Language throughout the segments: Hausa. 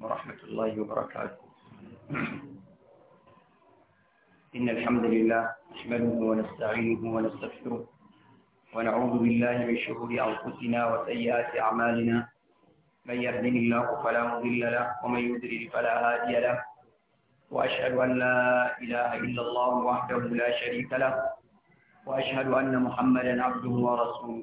ورحمة الله وبركاته إن الحمد لله نحمده ونستعينه ونستغفره ونعوذ بالله من شرور أنفسنا وسيئات أعمالنا من يهدني الله فلا مضل له ومن يضلل فلا هادي له وأشهد أن لا إله إلا الله وحده لا شريك له وأشهد أن محمدا عبده ورسوله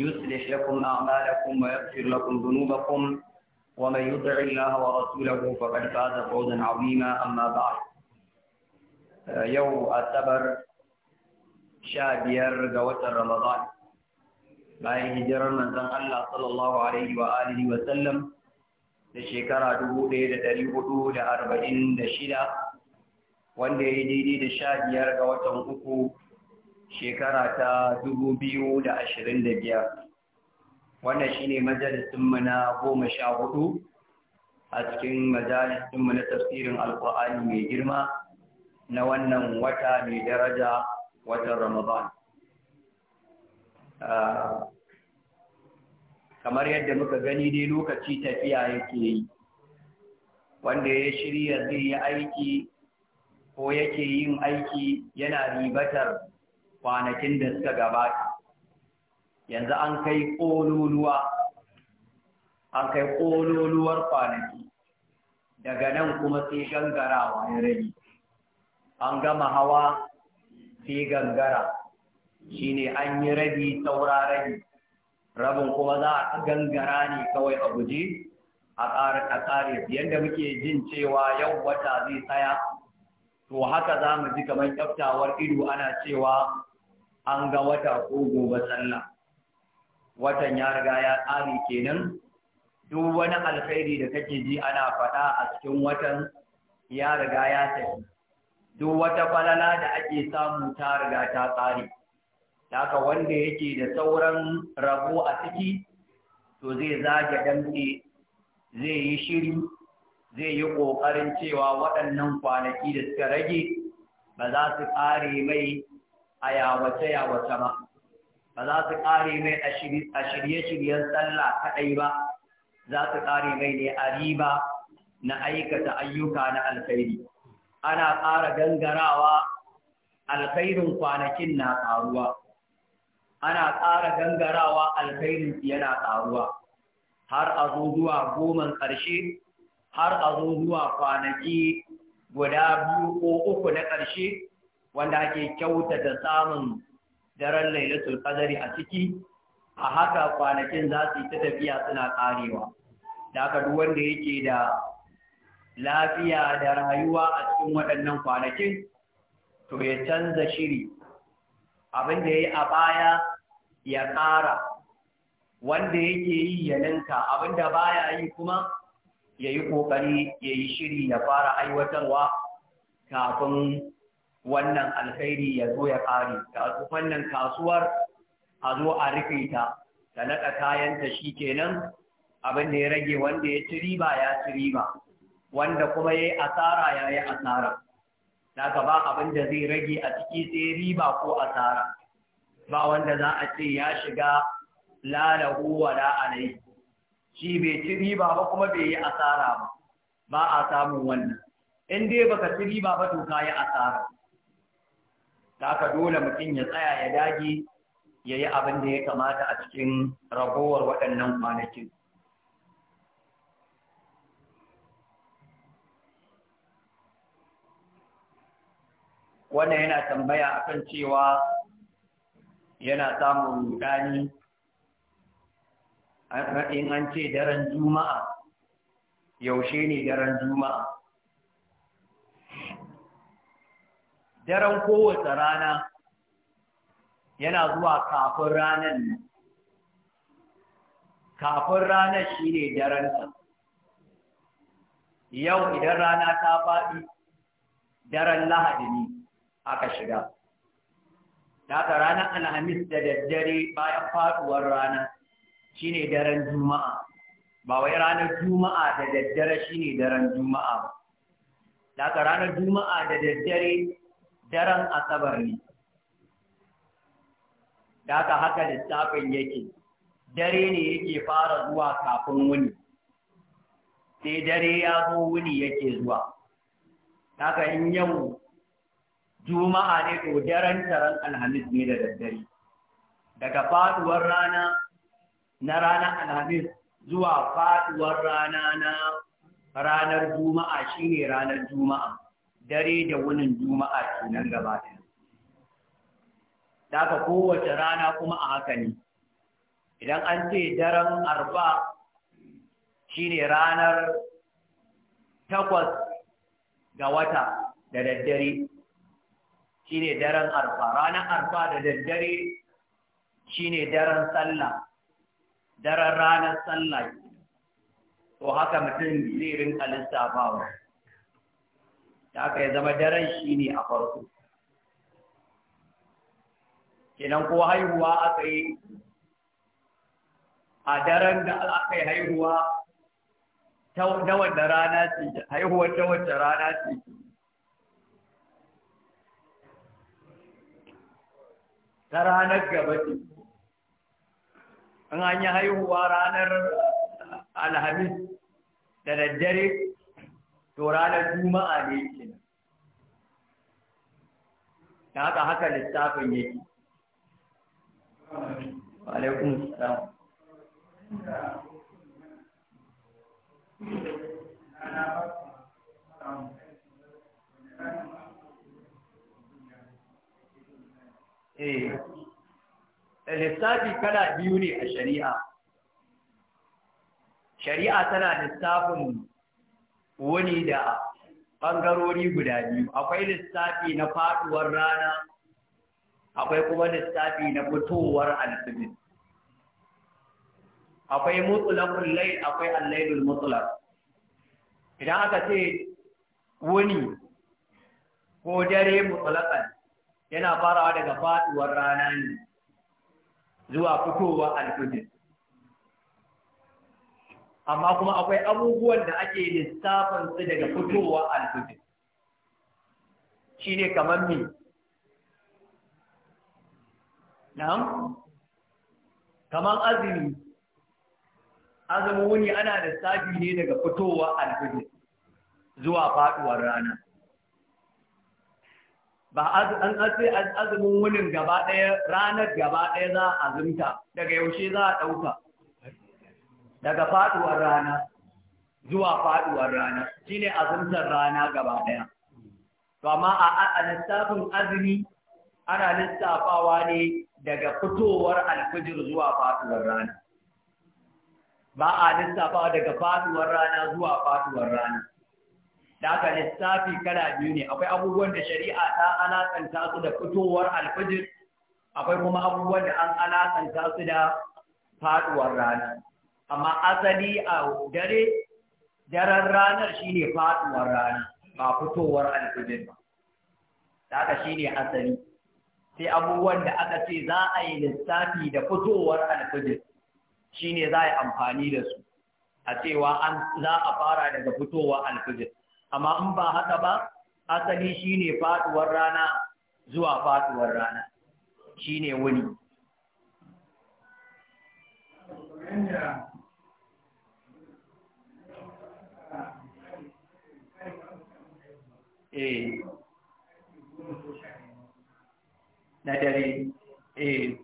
يصلح لكم أعمالكم ويغفر لكم ذنوبكم ومن يطع الله ورسوله فقد فاز فوزا عظيما أما بعد يوم شابير رمضان bayan hijirar manzon Allah sallallahu alaihi wa alihi wa sallam da shekara shida, wanda ya yi daidai da sha biyar ga watan uku shekara ta dubu biyu da ashirin da biyar wannan shine mu na goma sha hudu a cikin mu na tafsirin alkur'ani mai girma na wannan wata mai daraja watan ramadan ah, kamar yadda muka gani dai lokaci tafiya yake yi wanda ya shirya zai yi aiki ko yake yin aiki yana ribatar kwanakin da suka gabata yanzu an kai ƙololuwa an kai ƙololuwar kwanaki daga nan kuma sai wa ya rai an gama hawa sai gangara Shi ne an yi rabi saura rabi rabin kuma za a gangara ne kawai a guje a ƙare yadda muke jin cewa yau wata zai tsaya to haka za mu ji kamar kyaftawar ido ana cewa an ga wata ko gobe sallah watan ya riga ya tsari kenan duk wani alkhairi da kake ji ana faɗa a cikin watan ya riga ya tafi duk wata falala da ake samu ta riga ta tsari haka wanda yake da sauran rabo a ciki to zai zage damke zai yi shiri zai yi ƙoƙarin cewa waɗannan kwanaki da suka rage ba za su ƙare mai a yawace yawace ba ba za su ƙare mai a shirye-shiryen sallah kaɗai ba za su ƙare mai ne a riba na aikata ayyuka na alkhairi ana ƙara gangarawa alkhairin kwanakin na ƙaruwa ana ƙara gangarawa alkhairin yana ƙaruwa har a zo zuwa goman ƙarshe har a zo zuwa kwanaki guda biyu ko uku na ƙarshe wanda ake kyautata samun daren lailatul qadari a ciki a haka kwanakin za su yi ta tafiya suna karewa da haka duk wanda yake da lafiya da rayuwa a cikin waɗannan kwanakin to ya canza shiri abin da ya yi a baya ya ƙara wanda yake yi ya ninka abin da baya yi kuma ya yi ƙoƙari ya yi shiri ya fara aiwatarwa kafin wannan alkhairi ya zo ya ƙare wannan kasuwar a zo a rufe ta Ta naɗa kayanta shi kenan abin da ya rage wanda ya ci riba ya ci riba wanda kuma ya yi asara ya yi asara na ba abin da zai rage a ciki sai riba ko asara ba wanda za a ce ya shiga lalahu wa la'alai shi bai ci riba ba kuma bai yi asara ba ba a samun wannan in dai baka ci riba ba to ka yi asara ta dole mutum ya tsaya ya dage ya yi abin da ya kamata a cikin ragowar waɗannan kwanakin. Wannan yana tambaya akan cewa yana samun rudani in an ce daren juma'a yaushe ne daren juma'a daren kowace rana yana zuwa kafin ranar kafin ranar shi ne ta. yau idan rana ta faɗi daren lahadi ne aka shiga daga ranar alhamis da daddare bayan faɗuwar rana shi ne daren juma'a ba wai ranar juma'a da daddare shi ne daren juma'a ba daga ranar juma'a da daddare daren asabar ne da haka lissafin yake dare ne yake fara zuwa kafin wuni sai dare ya zo wuni yake zuwa haka in yau juma'a ne to daren taron alhamis ne da daddare daga faduwar rana na ranar alhamis zuwa faduwar rana na ranar juma'a shine ranar juma'a dare da wunin juma'a kenan gaba ɗaya daga kowace rana kuma a haka ne idan an ce daren arba shine ranar takwas ga wata da daddare shine daren arfa ranar arfa da daddare shine daren sallah daren ranar sallah to haka mutum zai rinka lissafawa da aka yi zama daren shi ne a farko kenan ko haihuwa aka yi a daren da aka yi haihuwa ta wadda rana ce haihuwar ta wadda rana ce ta ranar gaba ce an yi haihuwa ranar alhamis da daddare to ranar juma'a ne yake nan da haka haka littafin yake alaikun salam Eh, lissafi kana biyu ne a shari'a. Shari'a tana lissafin Wani da ɓangarori guda biyu akwai lissafi na faɗuwar rana akwai kuma lissafi na fitowar alfibin akwai mutsulakun lai akwai allailul mutsulak idan aka ce wani ko dare mutsulakan yana farawa daga faɗuwar rana ne zuwa fitowar alfibin amma kuma akwai abubuwan da ake lissafin su daga fitowa shi ne kamar me na'am kamar azumi azumin wuni ana lissafi ne daga fitowa alfijir zuwa faduwar rana ba an asai azumin wunin gaba ɗaya ranar gaba ɗaya za a azumta daga yaushe za a ɗauka daga faduwar rana zuwa faduwar rana shine azumtar rana gaba daya to amma a lissafin azumi ana lissafawa ne daga fitowar alfijir zuwa faduwar rana ba a lissafawa daga faduwar rana zuwa faduwar rana da aka lissafi kala biyu ne akwai abubuwan da shari'a ta alaƙanta su da fitowar alfijir akwai kuma abubuwan da an alaƙanta su da faduwar rana amma asali a dare daren ranar shine faduwar rana ba fitowar alfilin ba shi shine asali sai abubuwan da aka ce za a yi lissafi da fitowar shi shine za a yi amfani da su a cewa an za a fara daga fitowar alfilin amma in ba haka ba asali shine faduwar rana zuwa faduwar rana shine wuni Yeah. eh na dare eh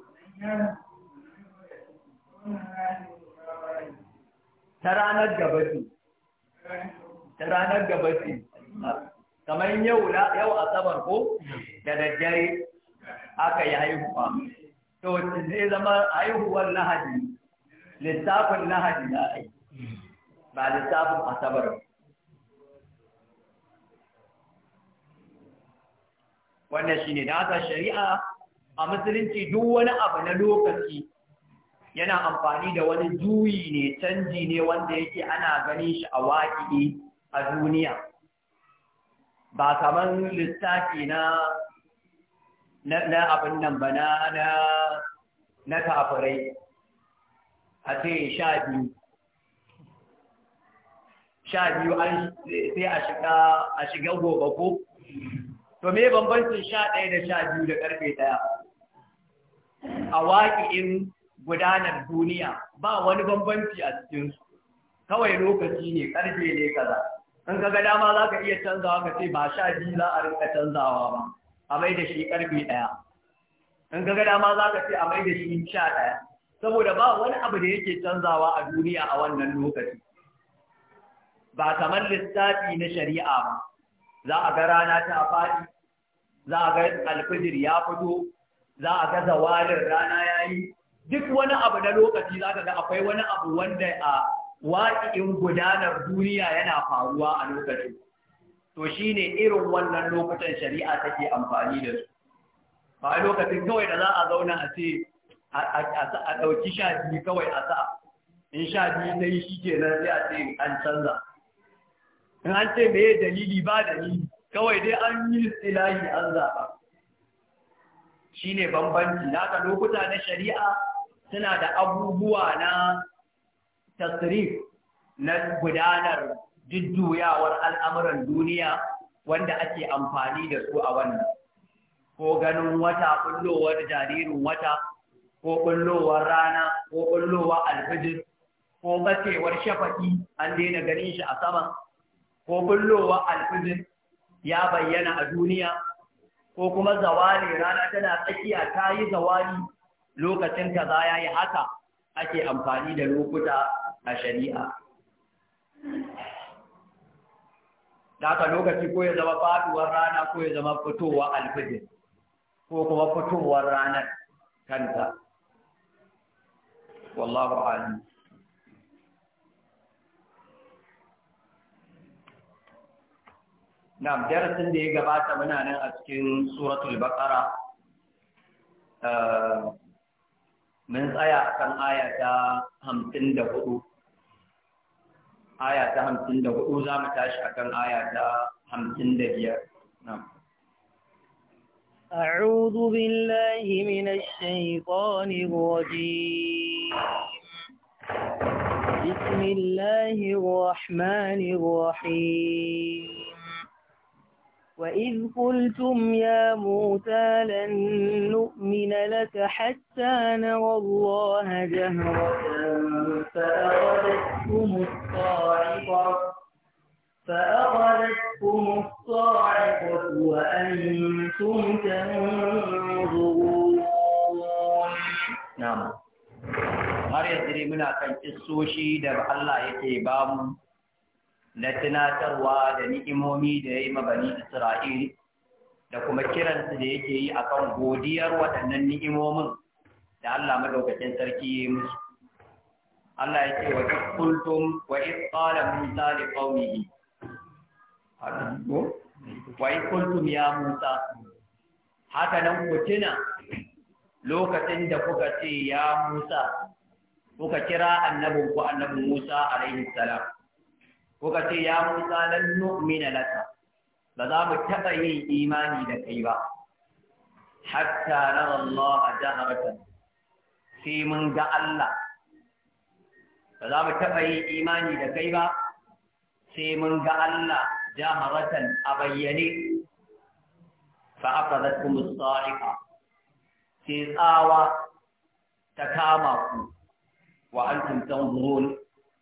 ta ranar gabati ta ranar gabati kamar yau yau asabar ko da daddare aka yi haihuwa to zai zama haihuwar lahadi lissafin lahadi na ai ba lissafin asabar wannan shine da haka shari'a a musulunci duk wani abu na lokaci yana amfani da wani juyi ne canji ne wanda yake ana ganin shi a waƙi a duniya ba kamar lissafi na na abin nan ba na na kafirai a ce sha biyu sha biyu sai a shiga gobe ko to me bambancin sha ɗaya da sha biyu da ƙarfe ɗaya a waƙi'in gudanar duniya ba wani bambanci a cikinsu kawai lokaci ne ƙarfe ne kaza in ka ga dama za ka iya canzawa ka ce ba sha biyu za a rinka canzawa ba a mai da shi ƙarfe ɗaya in ka ga dama za ka ce a mai da shi sha ɗaya saboda ba wani abu da yake canzawa a duniya a wannan lokaci ba kamar lissafi na shari'a ba za a ga rana ta faɗi za a ga alfijir ya fito za a ga zawalin rana ya yi duk wani abu na lokaci za ka ga akwai wani abu wanda a waƙiƙin gudanar duniya yana faruwa a lokacin to shi ne irin wannan lokutan shari'a take amfani da su ba lokacin kawai da za a zauna a ce a ɗauki sha biyu kawai a sa in sha biyu ta yi shi ke nan sai a ce an canza in an ce me dalili ba dalili kawai dai an yi istilahi an zaɓa shi ne bambanci naka lokuta na shari'a suna da abubuwa na tasrif na gudanar jujjuyawar al'amuran duniya wanda ake amfani da su a wannan ko ganin wata ɓullowar jaririn wata ko ɓullowar rana ko ɓullowar alfijir ko batsewar shafaƙi an daina ganin shi a sama ko bullowa alfijir ya bayyana a duniya ko kuma zawali rana tana tsakiya ta yi zawali lokacin za ya yi haka ake amfani da lokuta a shari'a da lokaci ko ya zama faduwar rana ko ya zama fitowa alfijin ko kuma fitowar ranar kanta wallahu alim Na'am, darasin da ya gabata muna nan a cikin suratul baqara. Eh, mun tsaya kan aya ta 54. Aya ta 54 za mu tashi a kan aya ta da biyar. أعوذ بالله من الشيطان الرجيم بسم الله الرحمن الرحيم وإذ قلتم يا موسى لن نؤمن لك حتى نرى الله جهرة فأخذتكم الصاعقة فأخذتكم الصاعقة وأنتم تنظرون نعم هل يدري منا muna السوشي kissoshi الله Allah na tunatarwa da ni'imomi da ya yi mabani Isra'il da kuma kiransu da yake yi a kan godiyar waɗannan ni'imomin da Allah madaukakin sarki ya yi musu. Allah ya ce wa kultum wa isqala Musa li qaumihi wa kultum ya Musa haka nan ku tuna lokacin da kuka ce ya Musa kuka kira annabinku annabin Musa alaihi salam kuka ce ya musa lan nu'mina laka ba za mu taɓa yin imani da kai ba hatta nara Allah a jaharatan sai mun ga Allah ba za mu taɓa yin imani da kai ba sai mun ga Allah jaharatan a bayyane fa aka zartu musa'ika sai tsawa ta kama ku wa an tantan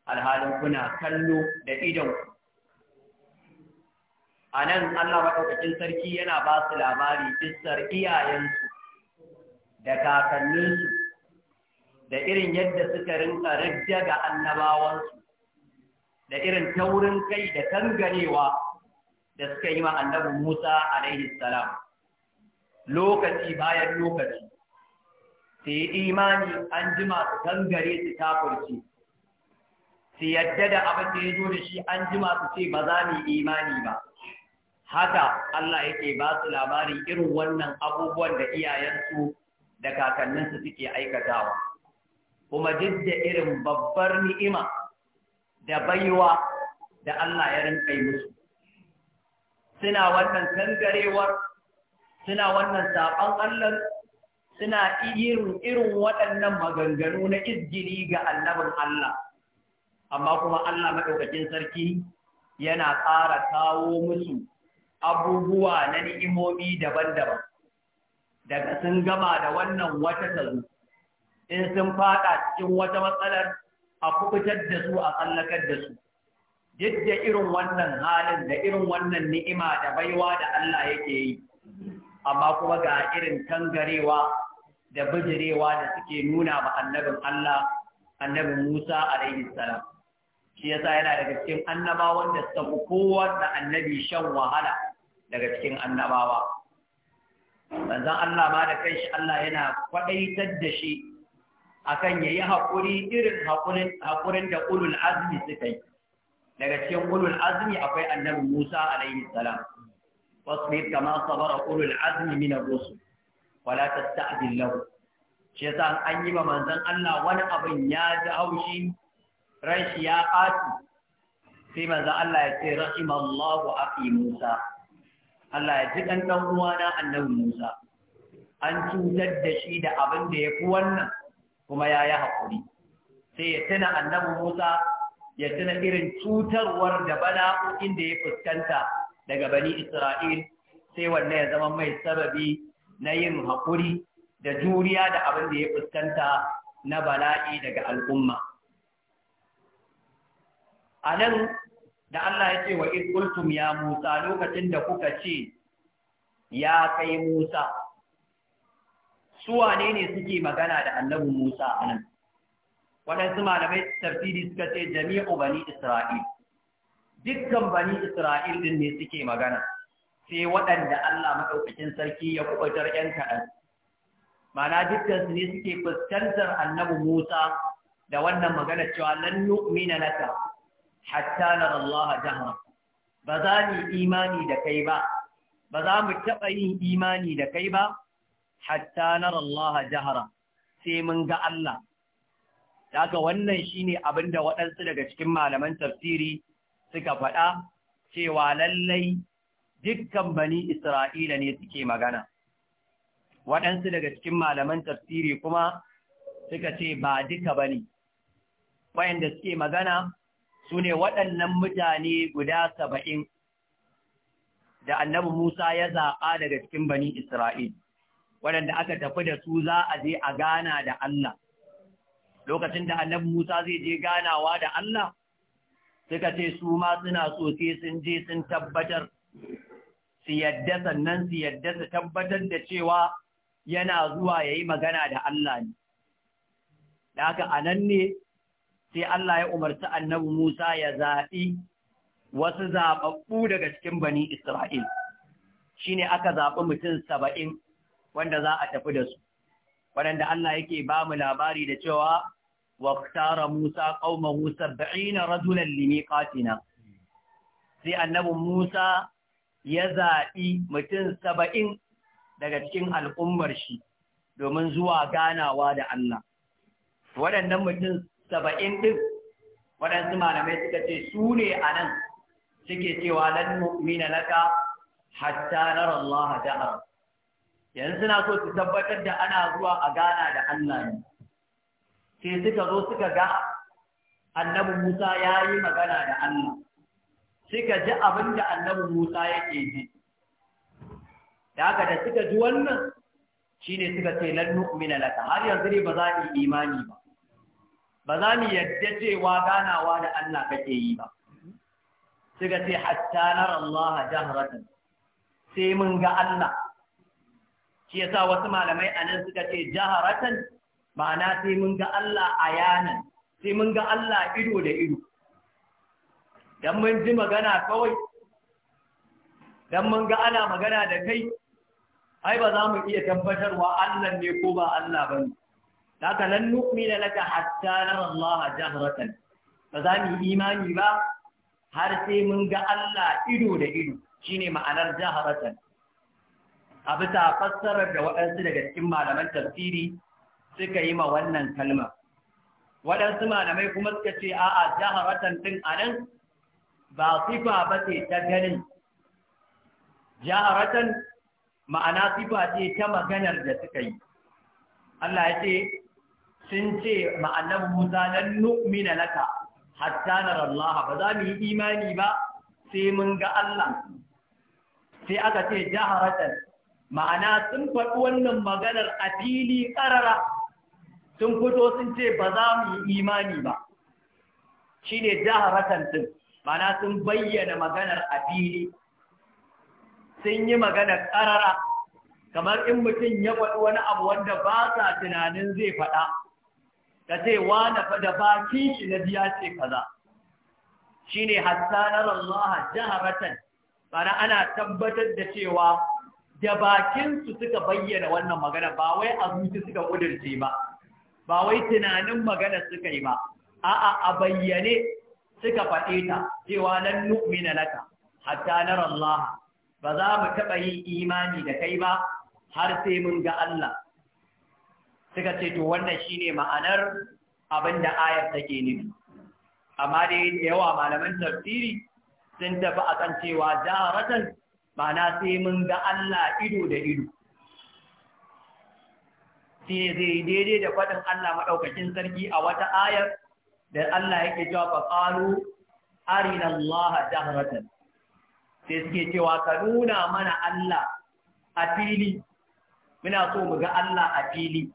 alhalin kuna kallo da idon a nan Allah maɗaukacin sarki yana ba su labari kissar iyayensu da kakanninsu da irin yadda suka rinka rajja ga annabawansu da irin taurin kai da tangarewa da suka yi wa annabi Musa alaihi salam lokaci bayan lokaci sai imani an jima su kangare su kafirci su yadda da abin da ya zo da shi an su ce ba za mu imani ba haka Allah yake ba su labarin irin wannan abubuwan da iyayensu da kakanninsu suke aikatawa kuma duk da irin babbar ni'ima da baiwa da Allah ya rinka musu suna wannan kangarewar suna wannan saɓan Allah suna irin irin waɗannan maganganu na izgili ga annabin Allah amma kuma Allah maɗaukakin sarki yana ƙara kawo musu abubuwa na ni'imomi daban-daban daga sun gama da wannan wata tazo in sun fada cikin wata matsalar a kubutar da su a tsallakar da su duk da irin wannan halin da irin wannan ni'ima da baiwa da Allah yake yi amma kuma ga irin tangarewa da bijirewa da suke nuna ba annabin Allah annabin Musa alaihi salam shi yasa yana daga cikin annaba da suka fi kowanne annabi shan wahala daga cikin annabawa manzon Allah ma da shi Allah yana kwaɗaitar da shi akan yayi haƙuri irin hakurin da ulul azmi suka yi daga cikin ulul azmi akwai annabi Musa alaihi salam wasbir kama sabara ulul azmi min ar-rusul wala tasta'dil lahu shi yasa an yi ma manzon Allah wani abin ya ji haushi ran shi ya ɓaci sai manzo Allah ya ce rahimallahu akhi Musa Allah ya ji dan dan na annabi Musa an cutar da shi da abin da ya fi wannan kuma ya yi haƙuri sai ya tuna annabi Musa ya tuna irin cutarwar da bala'o'in da ya fuskanta daga bani Isra'il sai wannan ya zama mai sababi na yin haƙuri da juriya da abin da ya fuskanta na bala'i daga al'umma. a da Allah ya ce wa ƙultum ya Musa lokacin da kuka ce ya kai Musa Su ne suke magana da annabi Musa a nan waɗansu malamai tafsiri suka ce jami'u bani Isra'il dukkan bani Isra'il din ne suke magana sai waɗanda Allah maɗaukakin sarki ya kubatar ‘yan kaɗan mana dukkan su ne suke fuskantar annabi Musa da wannan magana cewa lan nu'mina laka hatta na Allah jahara ba za mu imani da kai ba ba za mu taɓa yin imani da kai ba hatta na Allah jahara sai mun ga Allah daga wannan shine abin da waɗansu daga cikin malaman tafsiri suka faɗa cewa lallai dukkan bani Isra'ila ne suke magana waɗansu daga cikin malaman tafsiri kuma suka ce ba duka bane wayanda suke magana su ne waɗannan mutane guda saba'in da annabi Musa ya zaɓa daga cikin bani Isra'il, waɗanda aka tafi da su za a je a gana da Allah. Lokacin da annabi Musa zai je ganawa da Allah, suka ce su ma suna so sun je sun tabbatar, su yadda sannan su yadda su tabbatar da cewa yana zuwa ya yi magana da Allah ne. Da haka a ne sai Allah ya umarci annabi Musa ya zaɓi wasu zaɓaɓɓu daga cikin bani Isra'il, shi ne aka zaɓi mutum saba'in wanda za a tafi da su, waɗanda Allah yake ba mu labari da cewa, waktara Musa ƙaumahu saba'ina rajulan limiƙatina. Sai annabin Musa ya zaɓi mutum saba'in daga cikin al'ummar shi domin zuwa ganawa da Allah. Waɗannan mutum saba'in ɗin waɗansu malamai suka ce su ne a nan suke cewa lan mu'mina laka hatta na Allah jahar yanzu suna so su tabbatar da ana zuwa a gana da Allah ne sai suka zo suka ga annabi Musa ya yi magana da Allah suka ji abin da annabi Musa yake ji da haka da suka ji wannan shine suka ce lan mu'mina laka har yanzu ne ba za a yi imani ba ba za mu yadda cewa ganawa da Allah kake yi ba suka ce hatta nar Allah jahratan sai mun ga Allah shi yasa wasu malamai a nan suka ce jahratan ma'ana sai mun ga Allah a yanan, sai mun ga Allah ido da ido dan mun ji magana kawai dan mun ga ana magana da kai ai ba za mu iya tabbatarwa Allah ne ko ba Allah bane Kaka lan nu'mina laka hatta nara Allah jahratan. Ba za mu yi imani ba har sai mun ga Allah ido da ido shine ma'anar jahratan. A bisa fassarar da waɗansu daga cikin malaman tafsiri suka yi ma wannan kalma. Waɗansu malamai kuma suka ce a'a jahratan din anan ba sifa ba ce ta ganin. Jahratan ma'ana sifa ce ta maganar da suka yi. Allah ya ce sun ce ma'anar Musa lan nu'mina laka hatta na Allah ba za mu yi imani ba sai mun ga Allah sai aka ce jaharatan ma'ana sun faɗi wannan maganar a fili ƙarara sun fito sun ce ba za mu yi imani ba Shi ne jaharatan sun ma'ana sun bayyana maganar a fili sun yi maganar ƙarara kamar in mutum ya faɗi wani abu wanda ba sa tunanin zai faɗa ka ce wani fa da baki shi na biya ce kaza shi ne hassanar Allah jaharatan bana ana tabbatar da cewa da bakinsu suka bayyana wannan magana ba wai a zuci suka ƙudurce ba ba wai tunanin magana suka yi ba a'a a bayyane suka faɗe ta cewa lan nu'mina laka hatta Allah ba za mu taɓa yin imani da kai ba har sai mun ga Allah suka ce to wannan shine ma'anar abin da ayar take nufi amma dai da yawa malaman tafsiri sun tafi a kan cewa jaharatan ma'ana sai mun ga Allah ido da ido sai zai daidai da faɗin Allah maɗaukacin sarki a wata ayar da Allah yake cewa fa qalu arina Allah jahratan sai suke cewa ka nuna mana Allah a fili muna so mu ga Allah a fili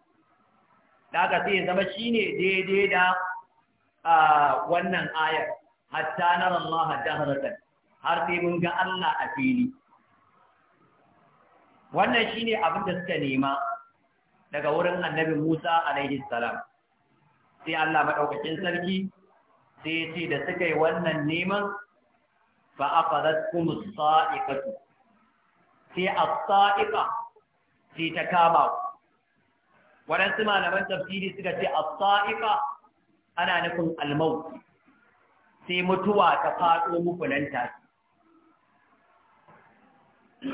da aka sai zama shi ne daidai da wannan ayar hatta na Allah jaharatan har sai mun ga Allah a fili wannan shi ne abin da suka nema daga wurin annabi Musa alaihi salam sai Allah maɗaukacin sarki sai ya ce da suka yi wannan neman fa'afarat kuma su. sai a sa'iƙa sai ta kama ku waɗansu malaman tafsiri suka ce as ana nufin almau, sai mutuwa ta faɗo muku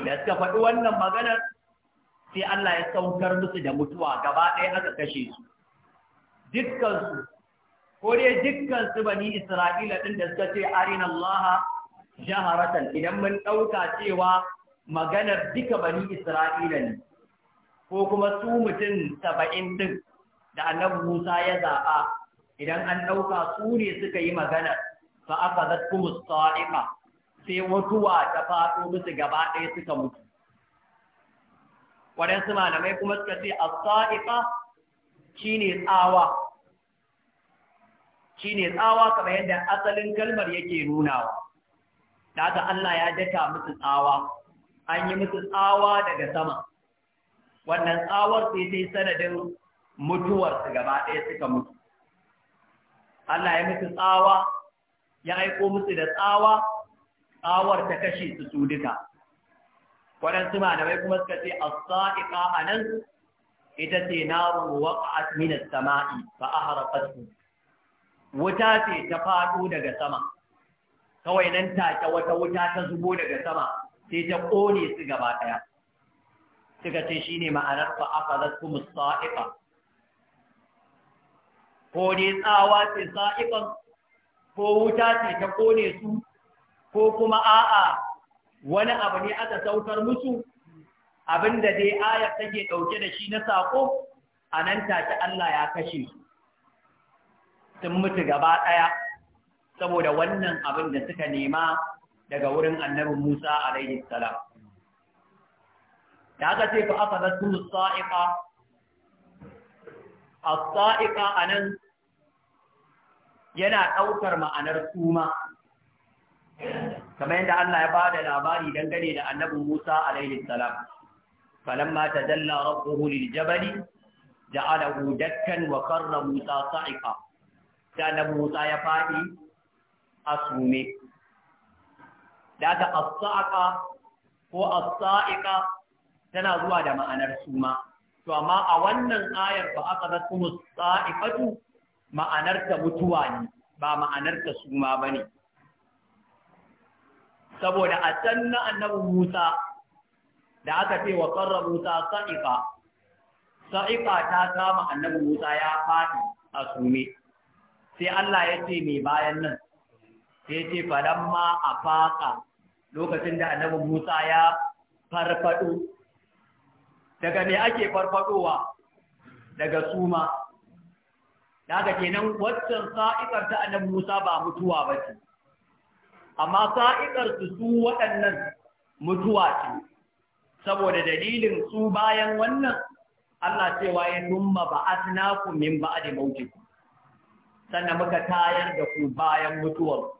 da suka faɗi wannan maganar sai Allah ya saukar musu da mutuwa gaba ɗaya aka kashe su dukkansu ko dai dukkansu bani Isra'ila ɗin da suka ce arina Allah jaharatan idan mun ɗauka cewa maganar duka bani Isra'ila ne ko kuma su mutum saba'in din da annabi Musa ya zaɓa idan an ɗauka su ne suka yi magana fa aka zat kuma sai mutuwa ta faɗo musu gaba ɗaya suka mutu waɗansu malamai kuma suka ce a shi ne tsawa ne tsawa kamar yadda asalin kalmar yake nunawa da haka Allah ya daka musu tsawa an yi musu tsawa daga sama wannan tsawar sai ta yi sanadin su gaba ɗaya suka mutu Allah ya mutu tsawa ya aiko musu da tsawa tsawar ta kashe su su duka su ma da malamai kuma suka ce as-sa'iqa nan. ita ce na ruwa a asminar samai harafar su." wuta ce ta faɗo daga sama kawai nan take wata wuta ta zubo daga sama sai ta ƙone su gaba ɗaya suka ce shi ne ma'anar fa akalat kuma sa'ifa ko ne tsawa ce sa'ifan ko wuta ce ta kone su ko kuma a'a wani abu ne aka saukar musu Abin da dai ayar take ɗauke da shi na saƙo a nan take Allah ya kashe sun mutu gaba ɗaya saboda wannan abin da suka nema daga wurin annabin Musa Rai salam da aka ce fa aka da tun sa'iqa as-sa'iqa anan yana daukar ma'anar suma kamar yadda Allah ya bada labari dangane da annabi Musa alaihi salam falamma tajalla rabbuhu lil jabal ja'alahu dakkan wa karra Musa sa'iqa da annabi Musa ya fadi asume da ta as-sa'iqa ko as-sa'iqa tana zuwa da ma'anar suma to amma a wannan ayar ba aka za su sa'ifatu ma'anar mutuwa ne ba ma'anarta suma ba ne. saboda a can na annabi Musa da aka ce wa qarra Musa sa'ifa sa'ifa ta kama annabi Musa ya faɗi a sume sai Allah ya ce me bayan nan sai ce ma a faƙa. lokacin da annabi Musa ya farfaɗo. daga me ake farfadowa daga suma daga kenan waccan sa'ikar ta annabi Musa ba mutuwa ba ce amma sa'ikar su su waɗannan mutuwa ce saboda dalilin su bayan wannan Allah cewa ya numma ku min ba'di mautikum sannan muka tayar da ku bayan mutuwar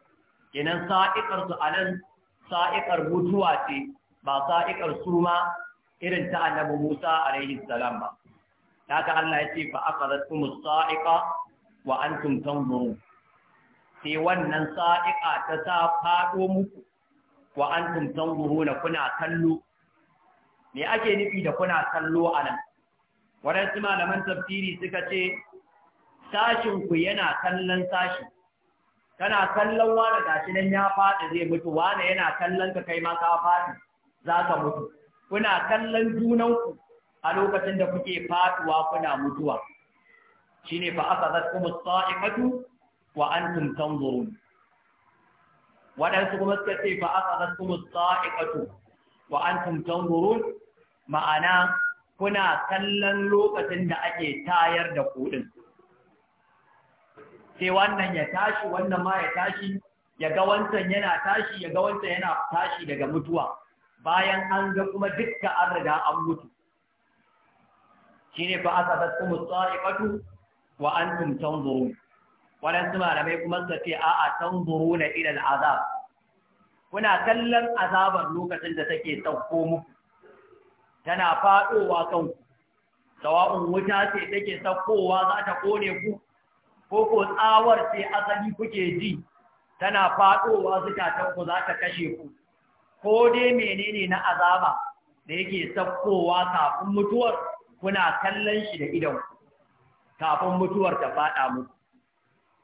kenan sa'iƙar su anan sa'iƙar mutuwa ce ba sa'iƙar suma irin ta annabi Musa alaihi salam ba haka Allah ya ce fa akhadhatum as-sa'iqa wa antum tanzurun sai wannan sa'iqa ta sa fado muku wa antum tanzuruna kuna kallo me ake nufi da kuna kallo anan wadansu malaman tafsiri suka ce sashin ku yana kallon sashi kana kallon wani gashi nan ya faɗi zai mutu wani yana kallon ka kai ma ka faɗi za ka mutu kuna kallon junanku a lokacin da kuke faduwa kuna mutuwa shine fa akhadhatkum kumus saifatu wa antum tanzurun wadansu kuma suka ce fa akhadhatkum kumus saifatu wa antum tanzurun ma'ana kuna kallon lokacin da ake tayar da kudin sai wannan ya tashi wannan ma ya tashi ya ga wancan yana tashi ya ga wancan yana tashi daga mutuwa bayan an ga kuma dukkan an riga an mutu shine fa asabat kum as-sa'ifatu wa antum tanzurun wannan suna da mai kuma sace a a na ila al-azab kuna kallon azabar lokacin da take sauko muku tana fadowa kan ku sawa'un wuta ce take saukowa za ta kone ku ko ko tsawar ce asali kuke ji tana fadowa zukatanku za ta kashe ku ko dai menene na azaba da yake sakkowa kafin mutuwar kuna kallon shi da idan kafin mutuwar ta fada muku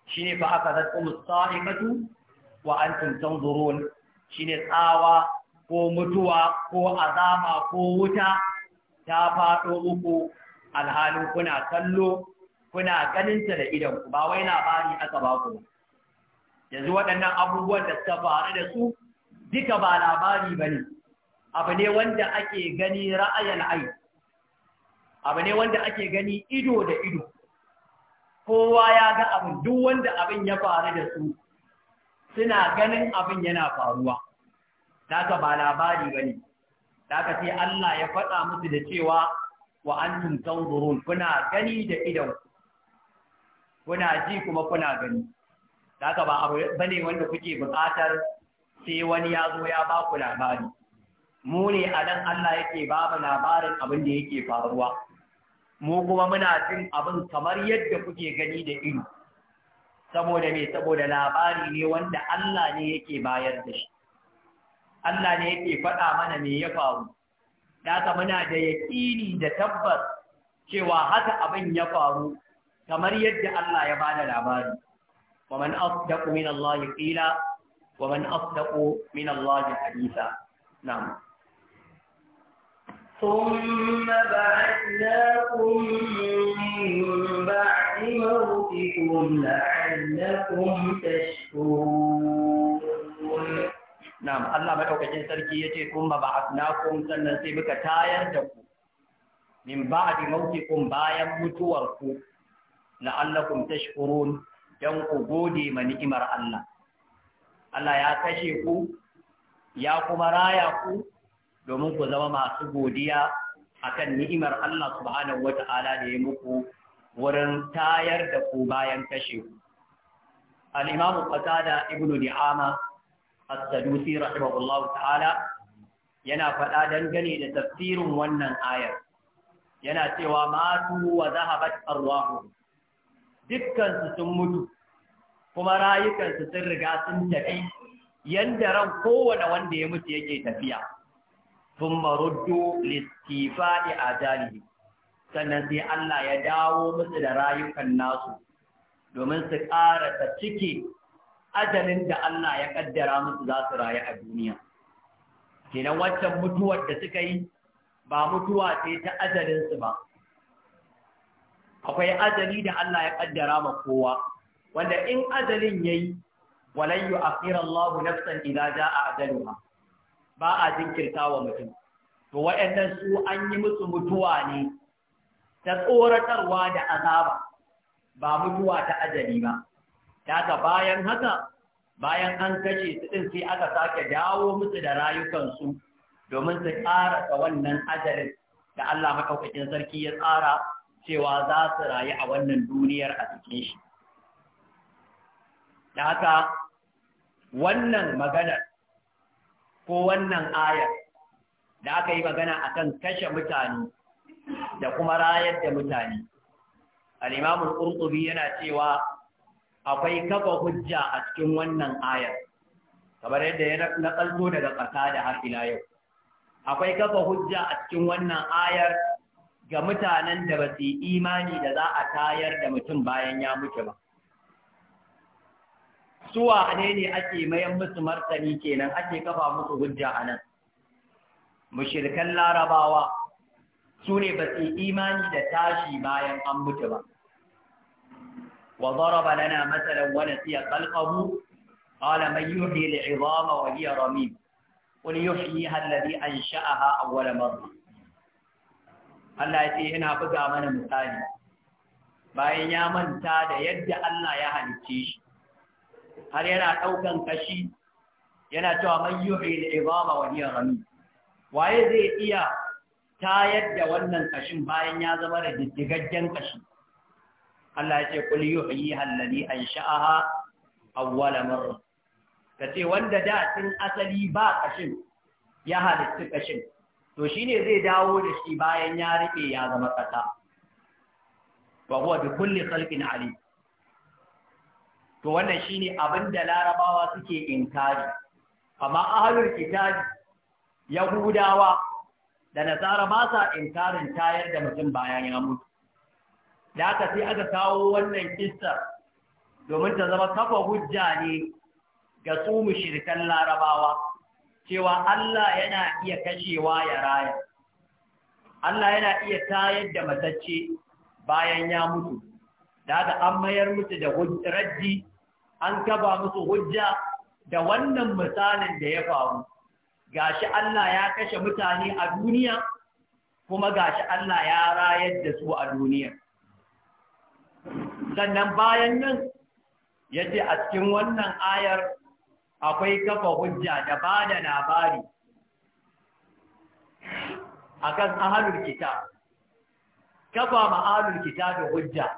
shine fa aka zatkum sa'imatu wa antum tanzurun shine tsawa ko mutuwa ko azaba ko wuta ta fado uku? alhalin kuna kallo kuna ganin ta da idan ku ba wai labari aka ba ku yanzu waɗannan abubuwan da suka faru da su duka ba labari ba ne abu ne wanda ake gani ra'ayin ai abu ne wanda ake gani ido da ido kowa ya ga abin duk wanda abin ya faru da su suna ganin abin yana faruwa daga ba labari ba ne daga sai Allah ya faɗa musu da cewa wa an antum tanzurun kuna gani da ido kuna ji kuma kuna gani daga ba abu bane wanda kuke buƙatar sai wani ya zo ya ba ku labari mu ne a nan Allah yake ba mu labarin abin da yake faruwa mu kuma muna jin abin kamar yadda kuke gani da ido saboda me saboda labari ne wanda Allah ne yake bayar da shi Allah ne yake faɗa mana me ya faru Daga muna da yaƙini da tabbas cewa haka abin ya faru kamar yadda Allah ya bada labari wa man asdaqu min Allah qila ومن أصدق من الله حديثا نعم ثم بعثناكم من بعد موتكم لعلكم تشكرون نعم الله بدأ كجن سركي يتكم بعثناكم سنة سبك تاينتكم من بعد موتكم بايا متوركم لعلكم تشكرون جنق بودي من إمر الله Allah ya kashe ku ya kuma raya ku domin ku zama masu godiya akan ni'imar Allah subhanahu Ta'ala da ya muku wurin tayar da ku bayan kashe ku alimamu imamu da ibnu di'ama as-sadusi rahimahullahu ta'ala yana faɗa dangane da tafsirin wannan ayar yana cewa masu wa zahabat arwahu dukkan sun mutu kuma rayukansu sun riga sun tafi yadda ran kowane wanda ya mutu yake tafiya sun maruddu listifa'i a jalibi sannan sai Allah ya dawo musu da rayukan nasu domin su ta cike ajalin da Allah ya ƙaddara musu za su rayu a duniya. Kenan waccan mutuwar da suka yi ba mutuwa ce ta ajalinsu ba. Akwai ajali da Allah ya ƙaddara ma kowa. wanda in ajalin yayi walayyu a Allahu nafsan za a ajaluha ba a jinkirta wa mutum to wayannan su an yi musu mutuwa ne ta tsoratarwa da azaba ba mutuwa ta ajali ba daga bayan haka bayan an kashe su din sai aka sake dawo musu da rayukansu domin su ƙarasa wannan ajalin da Allah makaukakin sarki ya tsara cewa za su rayu a wannan duniyar a cikin shi da haka wannan maganar ko wannan ayar da aka yi magana akan kashe mutane da kuma rayar da mutane al'imamun ƙurƙubi yana cewa akwai kafa hujja a cikin wannan ayar kamar yadda ya naƙalto daga ƙasa da har ila yau akwai kafa hujja a cikin wannan ayar ga mutanen da ba su imani da za a tayar da mutum bayan ya mutu ba su wane ne ake mayan musu martani kenan ake kafa musu hujja a nan mushirkan larabawa su ne ba su imani da tashi bayan an mutu ba wa daraba lana masalan wa nasiya khalqahu qala man yuhyi al'izama wa hiya ramim qul yuhyiha alladhi ansha'aha awwala marra Allah ya ce ina buga mana misali bayan ya manta da yadda Allah ya halicce shi har yana ɗaukan kashi yana cewa man yuhi al-ibama wa hiya rami waye zai iya tayar da wannan kashin bayan ya zama da diddigaggen kashi Allah ya ce kul yuhyiha alladhi ansha'aha awwala marra kace wanda da tun asali ba kashin ya halitta kashin to shine zai dawo da shi bayan ya rike ya zama kasa wa huwa bi kulli khalqin alim to wannan shine abin da larabawa suke inkari amma ahlul ya yahudawa da nasara ba sa inkarin tayar da mutum bayan ya mutu da aka sai aka kawo wannan kissa domin ta zama kafa hujja ne ga su mushrikan larabawa cewa Allah yana iya kashewa ya raya Allah yana iya tayar da matacce bayan ya mutu da aka an mayar musu da raddi an kaba musu hujja da wannan misalin da ya faru gashi Allah ya kashe mutane a duniya kuma gashi Allah ya rayar da su a duniya sannan bayan nan yace a cikin wannan ayar akwai kafa hujja da bada labari akan ahlul kitab kafa ma ahlul kitab hujja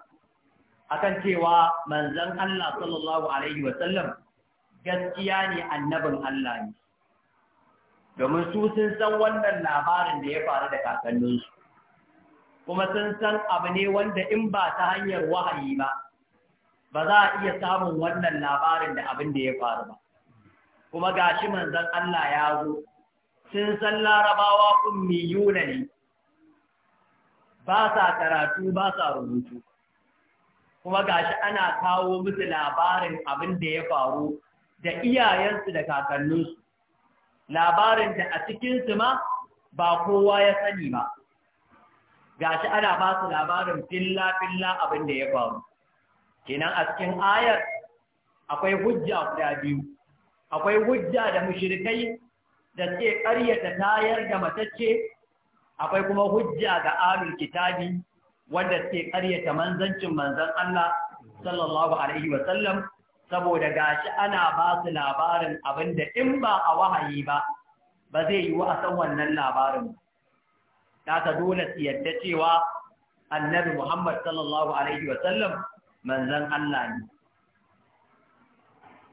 akan cewa manzon Allah sallallahu alaihi sallam gaskiya ne annabin Allah ne domin su sun san wannan labarin da ya faru da kakanninsu kuma sun san abu ne wanda in ba ta hanyar wahayi ba ba za a iya samun wannan labarin da abin da ya faru ba kuma gashi manzon Allah ya zo sun san larabawa ummiyuna ne ba sa karatu ba sa rubutu kuma gashi ana kawo musu labarin abin da ya faru da iyayensu da kakanninsu labarin da a cikinsu ma ba kowa ya sani ba gashi ana ba su labarin filla-filla abin da ya faru kenan a cikin ayar akwai hujja guda biyu akwai hujja da mushrikai da suke ƙaryata tayar da matacce akwai kuma hujja ga alul kitabi wanda suke ƙaryata manzancin manzan Allah sallallahu alaihi wa sallam saboda gashi ana ba su labarin abinda in ba a wahayi ba ba zai yi wa san wannan labarin ta ka dole su yadda cewa annabi Muhammad sallallahu alaihi wa sallam manzan Allah ne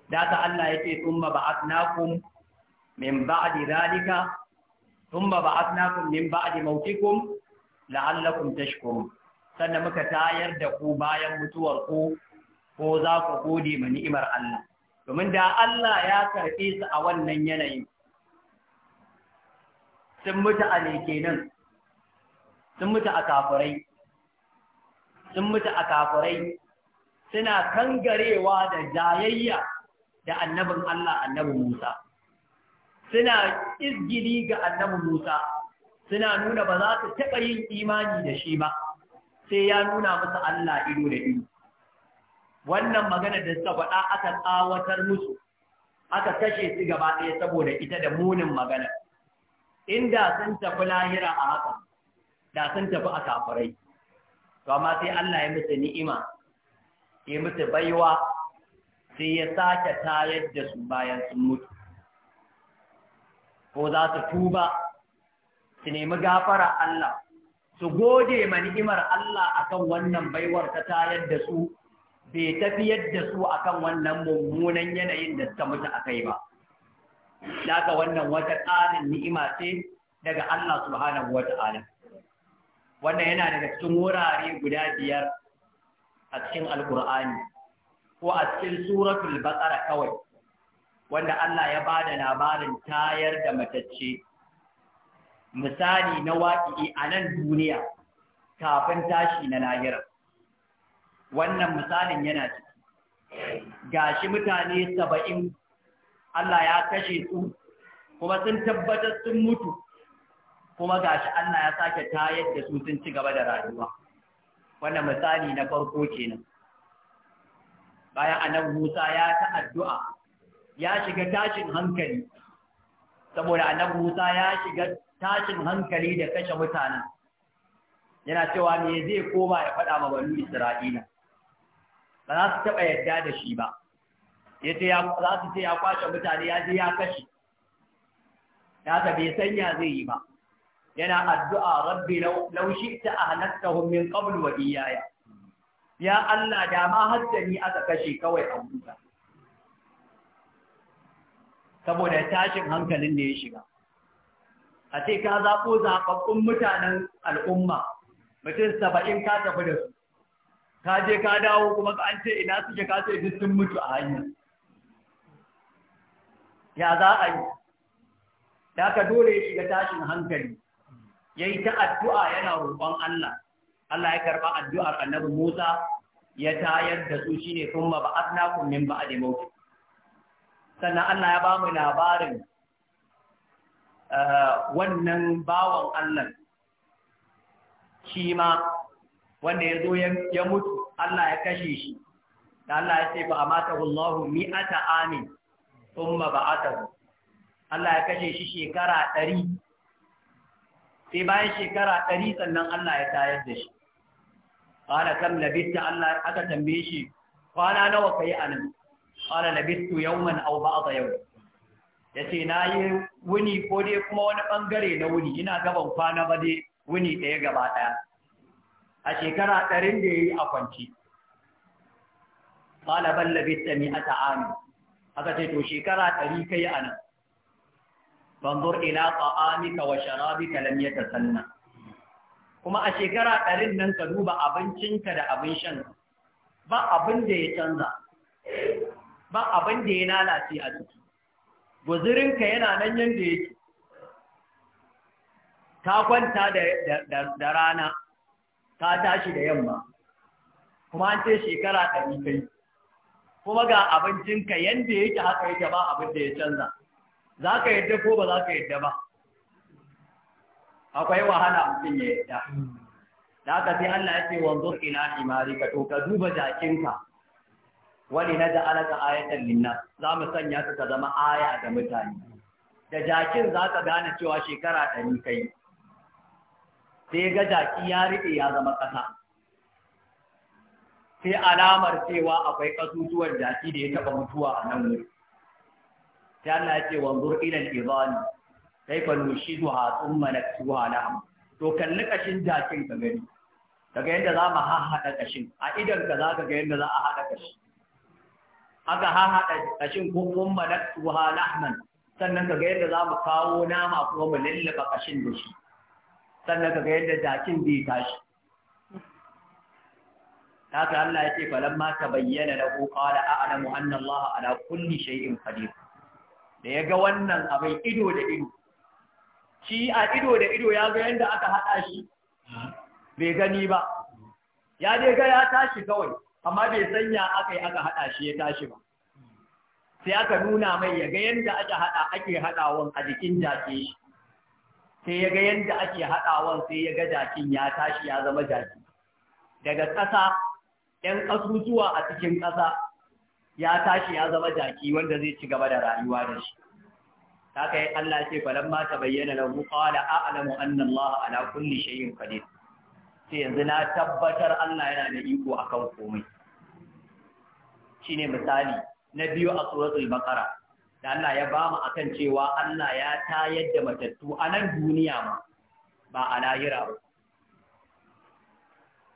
da ka Allah yake tsumma ba'atnakum min ba'di zalika ثم بعثناكم من بعد موتكم لعلكم تشكرون sannan muka tayar da ku bayan mutuwar ku ko za ku gode ma ni'imar Allah domin da Allah ya karɓe su a wannan yanayin sun mutu a kenan sun mutu a kafurai sun mutu a kafurai, suna kangarewa da jayayya da annabin Allah annabin Musa suna izgili ga annabin Musa suna nuna ba za su taɓa yin imani da shi ba sai ya nuna musu Allah ido da ido wannan magana da suka faɗa aka tsawatar musu aka kashe su gaba ɗaya saboda ita da munin magana inda sun tafi lahira a haka da sun tafi a kafirai to amma sai Allah ya musu ni'ima ya musu baiwa sai ya sake tayar da su bayan sun mutu ko za su tuba su nemi gafara Allah su gode ma ni'imar Allah akan wannan baiwar ta tayar da su bai tafiyar da su akan wannan mummunan yanayin da suka mutu akai ba daga wannan wata ƙarin ni'ima ce daga Allah subhanahu wata'ala wannan yana daga cikin wurare guda biyar a cikin alkur'ani ko a cikin suratul baqara kawai wanda Allah ya bada labarin tayar da matacce misali na waƙi a nan duniya kafin tashi na lahira wannan misalin yana ciki gashi mutane saba'in Allah ya kashe su kuma sun tabbatar sun mutu kuma gashi Allah ya sake tayar da su sun ci gaba da rayuwa wannan misali na farko kenan bayan annabi Musa ya ta addu'a ya shiga tashin hankali saboda annabi Musa ya shiga tashin hankali da kashe mutane yana cewa me zai koma ya faɗa ma banu Isra'ila ba za su taɓa yadda da shi ba yace ya za su ce ya kwace mutane ya je ya kashe ya ta bai sanya zai yi ba yana addu'a rabbi law shi'ta ahlaktahum min qabl wa iyaya ya Allah da ma haddani aka kashe kawai a wuta saboda tashin hankalin da ya shiga a ce ka zaɓo zaɓaɓɓun mutanen al'umma mutum saba'in ka tafi da su ka je ka dawo kuma ka an ce ina suke ka ce sun mutu a hanya ya za a yi da ka dole ya shiga tashin hankali ya yi ta addu'a yana roƙon Allah Allah ya karɓa addu'ar annabi Musa ya tayar da su shine kuma kun min ba a mawt sannan Allah ya ba mu labarin wannan bawan Allah shi ma wanda ya zo ya mutu Allah ya kashe shi da Allah ya ce fa amatahu Allah mi'ata amin thumma ba'athahu Allah ya kashe shi shekara ɗari. sai bayan shekara ɗari sannan Allah ya tayar da shi qala kam labista Allah aka tambaye shi kwana nawa ka yi anan yau qala labistu yawman aw Ya ce na yi. wuni ko dai kuma wani bangare na wuni ina gaban kwana ba dai wuni ɗaya gaba ɗaya a shekara ɗarin da ya yi a kwanci ƙalaban labista mi a ta'ami aka ce to shekara ɗari kai a nan banzur ila ka wa sharabika lam sanna kuma a shekara ɗarin nan ka duba abincinka da abin shan ba abin da ya canza ba abin da ya lalace a ciki guzurinka yana nan yadda yake ka kwanta da rana ka tashi da yamma kuma an ce shekara ɗari kai kuma ga abincinka yadda yake haka yake ba abin da ya canza za ka yadda ko ba za ka yadda ba akwai wahala mutum ya yadda da aka sai Allah ya ce wanzu ina imari ka to ka duba jakinka wani na ja'alaka ayatan linnas za mu sanya su ka zama aya ga mutane da jakin za ka gane cewa shekara ɗari kai sai ga jaki ya riɗe ya zama ƙasa sai alamar cewa akwai ƙasusuwan jaki da ya taɓa mutuwa a nan wuri sai Allah ya ce wanzur ilal izani kaifa nushiduha thumma naksuha lahum to kalli ƙashin jakin ka gani kaga yadda za mu haɗa ƙashin? a idan ka za ka ga yadda za a haɗa ƙashi. aka haɗa ƙashin kun malaktuha lahman sannan ka ga yadda za mu kawo nama kuma mu lallaba ƙashin da shi sannan ka ga yadda dakin zai tashi haka Allah ya ce falamma tabayyana da qala a'lamu anna Allah ala kulli shay'in qadir da ya ga wannan abin ido da ido shi a ido da ido ya ga yadda aka haɗa shi bai gani ba ya dai ga ya tashi kawai amma bai sanya aka yi aka haɗa shi ya tashi ba sai aka nuna mai ya ga yadda aka haɗa ake haɗawan a jikin jaki. shi sai ya ga yadda ake haɗawan sai ya ga jakin ya tashi ya zama jaki daga ƙasa ‘yan ƙasusuwa a cikin ƙasa ya tashi ya zama jaki wanda zai ci gaba da rayuwa da shi ta kai Allah ce falamma ta bayyana lahu da a'alamu annan Allah ala kulli shay'in kadir. sai yanzu na tabbatar Allah yana da iko akan komai shine misali na biyu a suratul bakara da Allah ya bamu akan cewa Allah ya tayar da matattu a nan duniya ma ba a lahira ba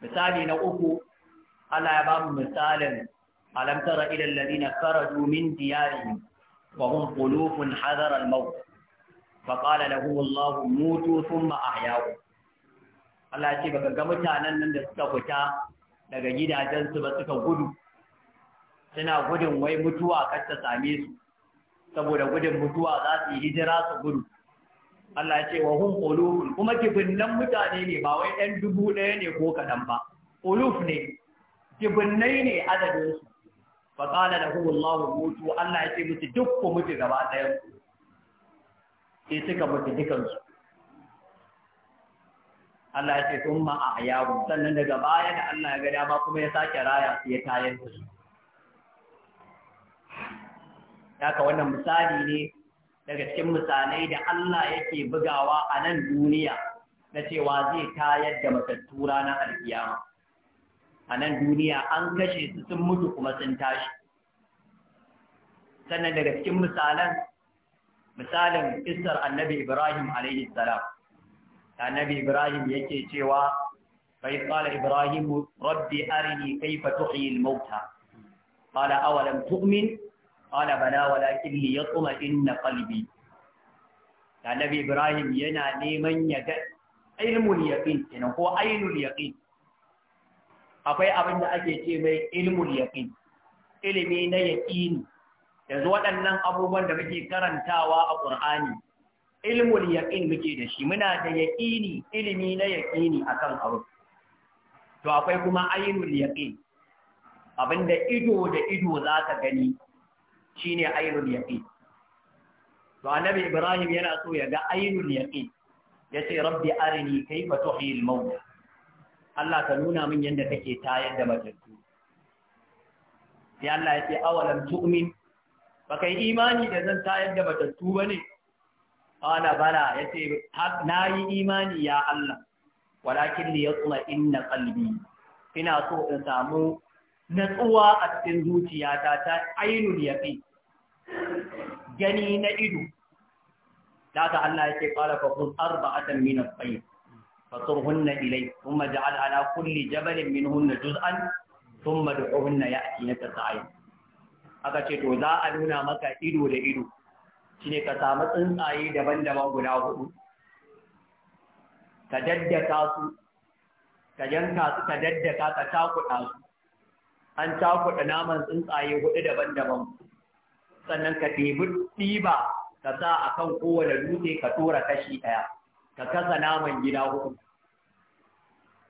misali na uku Allah ya bamu misalin alamtara tara ila alladhina kharaju min diyarihim wa hum qulubun hadara al-maut فقال لهم الله موتوا Allah ce baka ga mutanen nan da suka fita daga gidajensu ba suka gudu suna gudun wai mutuwa kar ta same su saboda gudun mutuwa za su yi hijira su gudu Allah ce wa hun ulufun kuma kibinnan mutane ne ba wai ɗan dubu ɗaya ne ko kaɗan ba uluf ne kibinnai ne adadin su fa qala lahu Allah mutu Allah ya ce musu duk ku mutu gaba ɗayan sai suka mutu su. Allah ya ce sun a yawo sannan daga baya da Allah ya ga dama kuma ya sake raya su ya tayar da su haka wannan misali ne daga cikin misalai da Allah yake bugawa a nan duniya na cewa zai tayar da matattu na alkiyama a nan duniya an kashe su sun mutu kuma sun tashi sannan daga cikin misalan misalin isar annabi ibrahim alaihi salam annabi ibrahim yake cewa bai qala ibrahim rabbi arini kayfa tuhyi al-mauta qala awalam tu'min qala bala walakin liyatma'inna qalbi annabi ibrahim yana neman ya ga ilmul yaqin kenan ko ainul yaqin akwai abin da ake ce mai ilmul yaqin ilimi na yaqini yanzu waɗannan abubuwan da muke karantawa a Qur'ani ilmul yaqin muke da shi muna da yaqini ilimi na yaqini akan abu to akwai kuma ainul yaqin abinda ido da ido za ka gani shine ainul yaqin to annabi ibrahim yana so ya ga ainul yaqin yace rabbi arini kayfa tuhyi al maut Allah ta nuna min yanda take tayar da matattu sai Allah yace awalam tu'min kai imani da zan tayar da matattu bane qala bala ya ce, na yi imani ya Allah walakin li yatma inna qalbi ina so in samu natsuwa a cikin zuciyata ta ainul yaqin gani na ido daga Allah ya ce yake qala fa khudh arba'atan min at-tayr fasurhunna ilayk thumma ja'al ala kulli jabalin hunna juz'an sun thumma du'uhunna ya'tinaka sa'yan aka ce to za a nuna maka ido da ido shine ka samu tsuntsaye daban-daban guda hudu ka daddaka su ka yanka su ka daddaka ka takuɗa su an takuɗa naman tsuntsaye hudu daban-daban sannan ka ɗebi ɗiba ka sa a kan kowane dutse ka tura kashi ɗaya ka kasa naman gida hudu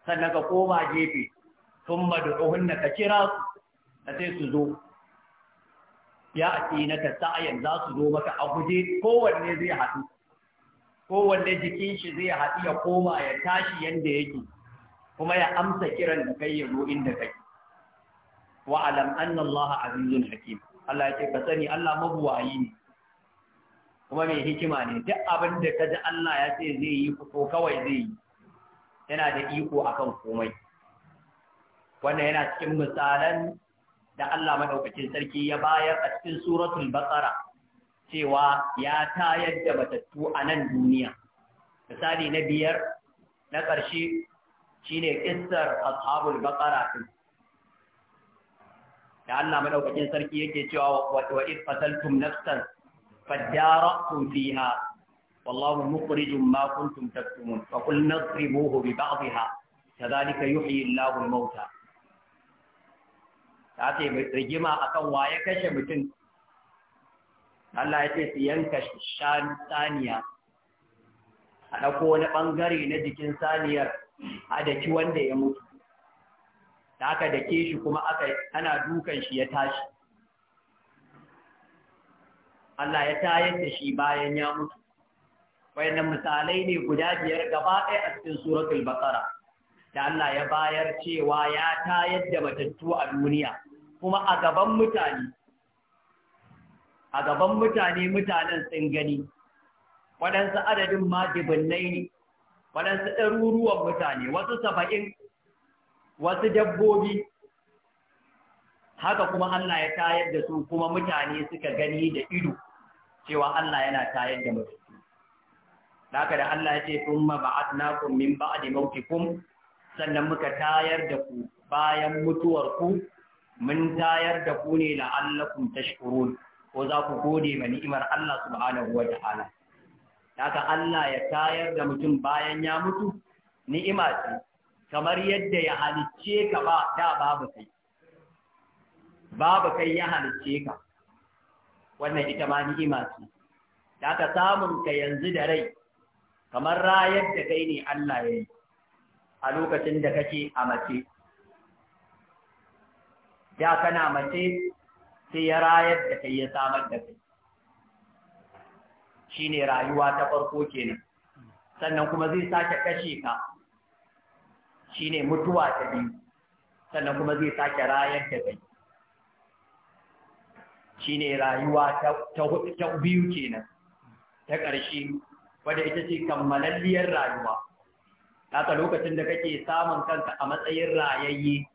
sannan ka koma gefe sun madu ka kira su ka sai su zo ya ake na a yanzu za su zo maka a guje kowanne zai haɗu kowanne jikin shi zai haɗu ya koma ya tashi yanda yake kuma ya amsa kiran da kai ya zo inda kai wa alam anna Allah azizun hakim Allah ya ce ka sani Allah mabuwayi ne kuma mai hikima ne duk abin da ka ji Allah ya ce zai yi ko kawai zai yi yana da iko akan komai wannan yana cikin misalan da Allah maɗaukacin sarki ya bayar a cikin suratul baqara cewa ya tayar da matattu a nan duniya misali na biyar na ƙarshe shine kissar ashabul baqara din da Allah maɗaukacin sarki yake cewa wa id fataltum nafsan fadara'tum fiha wallahu mukhrijum ma kuntum taktumun fa qul nadribuhu bi ba'dihha kadhalika yuhyi Allahu al-mauta ta ce rigima akan wa ya kashe mutum Allah ya ce su yanka saniya a ɗauko wani ɓangare na jikin saniyar a daki wanda ya mutu da aka dake shi kuma aka ana dukan shi ya tashi Allah ya tayar da shi bayan ya mutu wayannan misalai ne guda biyar gaba ɗaya a cikin suratul baqara da Allah ya bayar cewa ya tayar da matattu a duniya kuma a gaban mutane a gaban mutane mutanen sun gani waɗansu adadin ma dibinnai ne waɗansu ɗaruruwan mutane wasu saba'in wasu dabbobi haka kuma Allah ya tayar da su kuma mutane suka gani da ido cewa Allah yana tayar da mutum. Haka da Allah ya ce, "Sun maba'at nakun min da mautikun sannan muka tayar da ku bayan mutuwar ku mun tayar da ku ne la'allakum tashkurun ko za ku gode ma ni'imar Allah subhanahu wa ta'ala haka Allah ya tayar da mutum bayan ya mutu ni'ima ce kamar yadda ya halicce ka ba da babu kai babu kai ya halicce ka wannan ita ma ni'ima ce da ka samun ka yanzu da rai kamar rayar da kai ne Allah ya yi a lokacin da kake a mace da kana mace sai ya rayar da kai ya samar da kai Shi ne rayuwa ta farko kenan sannan kuma zai sake kashe ka Shi ne mutuwa ta biyu sannan kuma zai sake rayar da kai Shi ne rayuwa ta biyu kenan ta ƙarshe wadda ita ce kammalalliyar rayuwa kaka lokacin da kake samun kanka a matsayin rayayye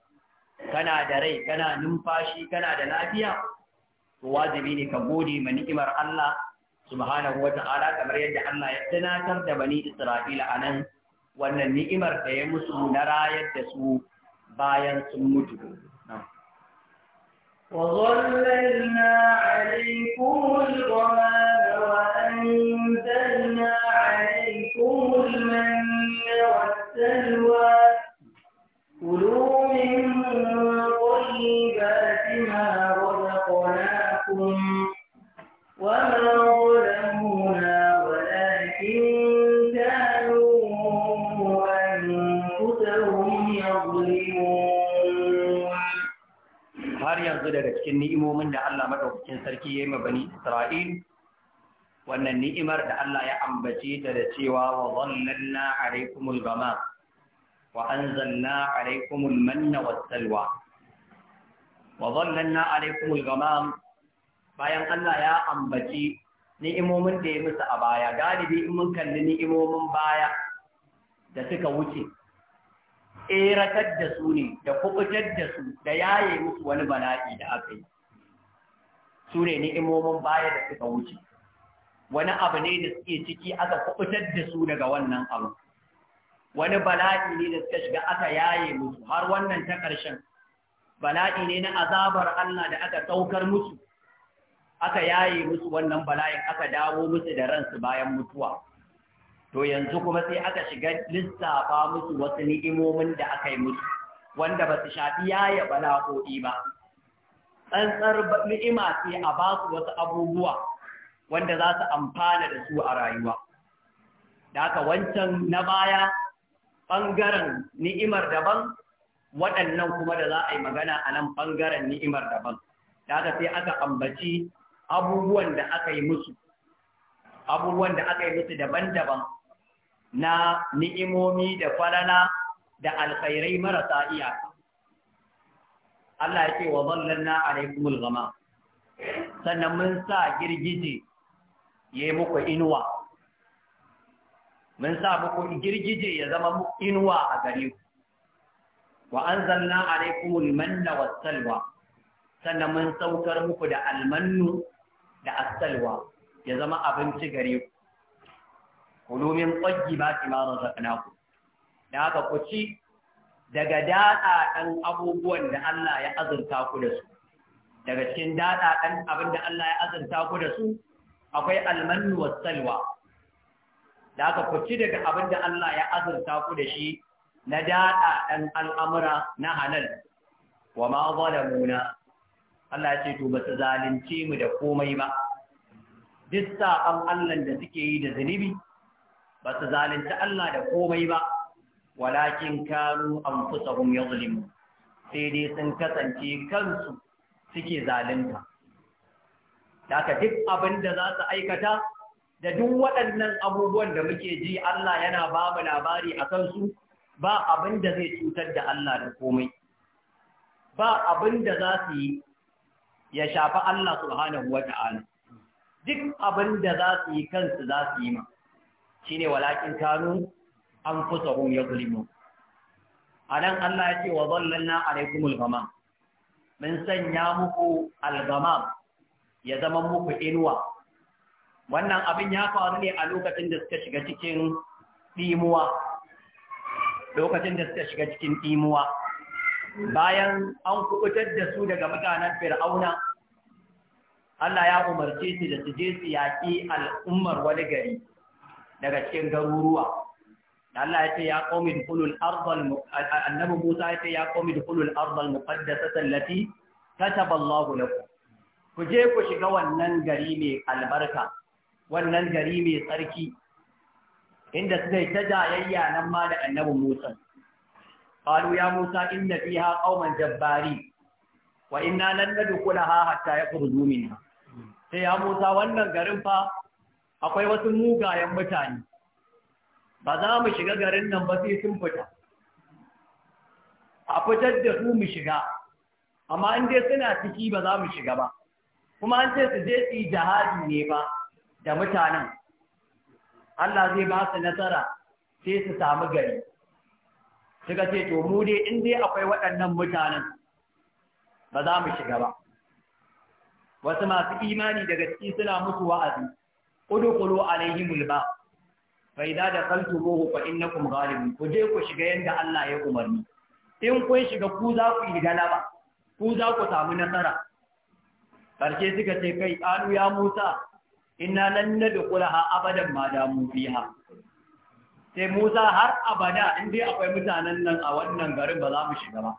kana da rai kana numfashi kana da lafiya to wajibi ne ka gode ma ni'imar Allah subhanahu ta'ala kamar yadda Allah ya tunatar da bani Isra'ila anan wannan ni'imar da ya musu na rayar da su bayan sun mutu وظللنا عليكم الغمام وأنزلنا المن والسلوى كلوا من طيبات ما رزقناكم وما ظلمونا ولكن كانوا أنفسهم يظلمون har yanzu daga cikin ni'imomin da Allah madaukakin sarki ya yi ma bani Isra'il wannan ni'imar da Allah ya ambace ta da cewa wa zallanna alaikumul gama wa anzalna alaikumul manna was salwa wa zallanna alaikumul gama bayan Allah ya ambaci ni'imomin da ya musu a baya galibi in mun kalli ni'imomin baya da suka wuce tseratar da su ne da kubutar da su da yaye musu wani bala'i da aka yi su ne ni'imomin baya da suka wuce wani abu ne da suke ciki aka kubutar da su daga wannan abu wani bala'i ne da suka shiga aka yaye musu har wannan ta ƙarshen bala'i ne na azabar Allah da aka saukar musu aka yaye musu wannan bala'in aka dawo musu da ransu bayan mutuwa to yanzu kuma sai aka shiga lissafa musu wasu ni'imomin da aka yi musu wanda ba su shafi yaye bala'o'i ba tsantsar ni'ima sai a ba su wasu abubuwa wanda za su amfana da su a rayuwa da haka wancan na baya ɓangaren ni'imar daban waɗannan kuma da za a yi magana a nan ɓangaren ni'imar daban da haka sai aka ambaci abubuwan da aka yi musu abubuwan da aka yi musu daban-daban na ni'imomi da falala da alkhairai marasa iya. Allah ya ce wa zallanna alaikumul ghama sannan mun sa girgije ya yi muku inuwa mun sa muku girgije ya zama muku inuwa a gare ku wa anzalna alaikumul manna wassalwa sannan mun saukar muku da almannu da asalwa ya zama abinci gare ku kulu min tayyibati ma razaqnakum da haka ku ci daga daɗaɗan abubuwan da Allah ya azurta ku da su daga cikin daɗaɗan abin da Allah ya azurta ku da su akwai almannu was salwa da aka kuci daga abin da Allah ya azurta ku da shi na daɗa ɗan al'amura na halal wa ma zalamuna Allah ce to ba su zalunce mu da komai ba duk saƙon Allah da suke yi da zunubi ba su zalunci Allah da komai ba walakin kanu anfusahum yuzlimu sai dai sun kasance kansu suke zalunta da ka duk abin da za su aikata da duk waɗannan abubuwan da muke ji Allah yana ba mu labari a kansu ba abin da zai cutar da Allah da komai ba abin da za su yi ya shafi Allah subhanahu wa ta'ala duk abin da za su yi kansu za su yi ma shine walakin kanu an zulimu A nan Allah ya ce wa zallalna alaikumul gama, mun sanya muku al ya zama muku inuwa wannan abin ya faru ne a lokacin da suka shiga cikin ɗimuwa lokacin da suka shiga cikin ɗimuwa bayan an kubutar da su daga mutanen fir'auna Allah ya umarce su da su je su yaƙi al'ummar wani gari daga cikin garuruwa Allah ya ce ya qaumi dukhulul ardh annabi Musa ya ce ya qaumi dukhulul ardh al-muqaddasata lakum ku je ku shiga wannan gari mai albarka wannan gari mai tsarki inda suka yi ta jayayya nan ma da annabin Musa qalu ya Musa inna fiha qauman jabbari wa inna lan nadkhulaha hatta yakhruju minha sai ya Musa wannan garin fa akwai wasu mugayen mutane ba za mu shiga garin nan ba sai sun fita a fitar da su mu shiga amma in dai suna ciki ba za mu shiga ba kuma an ce su je su yi jihadi ne ba da mutanen Allah zai ba su nasara sai su samu gari suka ce to mu dai in dai akwai waɗannan mutanen ba za mu shiga ba wasu masu imani daga ciki suna musu wa'azi udkhulu alaihimul ba fa idza dakhaltumuhu fa innakum ghalibun ku je ku shiga yanda Allah ya umarni in kun shiga ku za ku yi galaba ku za ku samu nasara karshe suka ce kai alu ya musa Ina nan inna lan ha abadan ma damu fiha sai musa har abada in dai akwai mutanen nan a wannan garin ba za mu shiga ba